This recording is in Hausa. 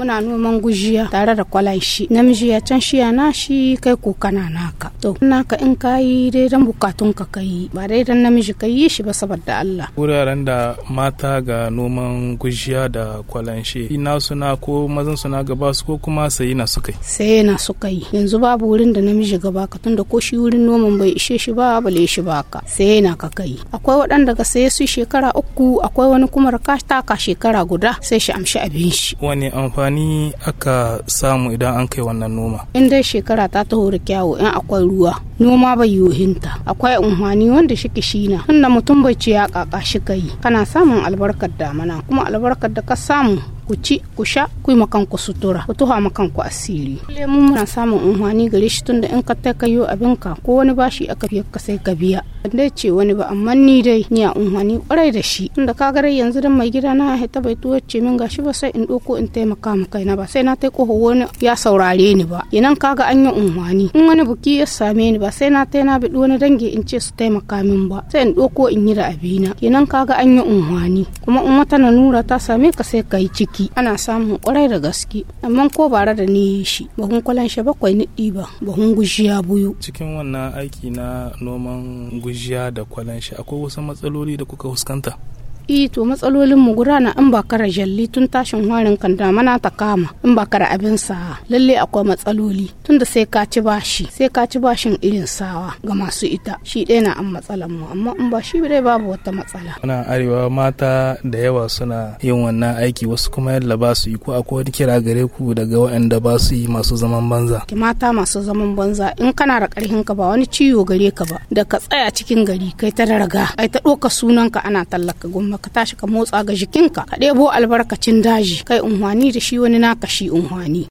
muna noman gujiya tare da kwalan shi namiji ya can shi na shi kai ko kana naka to naka in ka yi dai dan bukatun ka kai ba dai dan namiji ka yi shi ba saboda Allah wuraren da mata ga noman gujiya da kwalan shi ina suna ko mazan suna gaba su ko kuma sayi na suka yi sai na suka yi yanzu babu wurin da namiji gaba ka tunda ko shi wurin noman bai ishe shi ba bale shi baka sai na ka kai akwai waɗanda ka saye su shekara uku akwai wani kuma ka taka shekara guda sai shi amshi abin shi wani amfani amfani aka samu idan an kai wannan noma in dai shekara ta taho da kyawu in akwai ruwa noma bai yohinta akwai amfani wanda shike shina tunda mutum bai ce ya kaka shi kai kana samun albarkar damana kuma albarkar da ka samu ku ci ku sha ku yi ma makanku sutura ku tuha kanku asiri lemu muna samun unhwani gare shi tunda in ka ta kayo ka ko wani bashi aka biya ka sai ka biya dai ce wani ba amma ni dai ni a unhwani kwarai da shi tunda ka gare yanzu dan mai gida na ta bai tuwa ce min gashi ba sai in doko in taimaka ma kaina ba sai na tai koho wani ya saurare ni ba ka kaga an yi unhwani in wani buki ya same ni ba sai na ta na bi wani dangi in ce su taimaka min ba sai in doko in yi da abina ka kaga an yi unhwani kuma in wata nura ta same ka sai ka yi ciki ciki ana samun kwarai da gaske amma ko bara da ni shi bahun kwalan shi bakwai ni ba. bahun gujiya buyu cikin wannan aiki na noman gujiya da kwalan shi akwai wasu matsaloli da kuka fuskanta i e, to matsalolin mu na in ba kara jalli tun tashin warin kan mana ta kama in ba kara abin sa lalle akwai matsaloli tunda sai ka ci bashi sai ka ci bashin irin sawa ga masu ita shi ɗaya na an matsalan mu amma in ba shi dai babu wata matsala ana arewa mata da yawa suna yin wannan aiki wasu kuma yadda ba su yi ko akwai wani kira gare ku daga waɗanda ba su yi masu zaman banza ki mata masu zaman banza in kana da ƙarfin ka ba wani ciwo gare ka ba da ka tsaya cikin gari kai ta raga ai ta ɗauka sunanka ana tallaka gumma ka tashi ka motsa ga jikinka ka ɗebo albarkacin daji kai unhwani da shi wani naka shi unhwani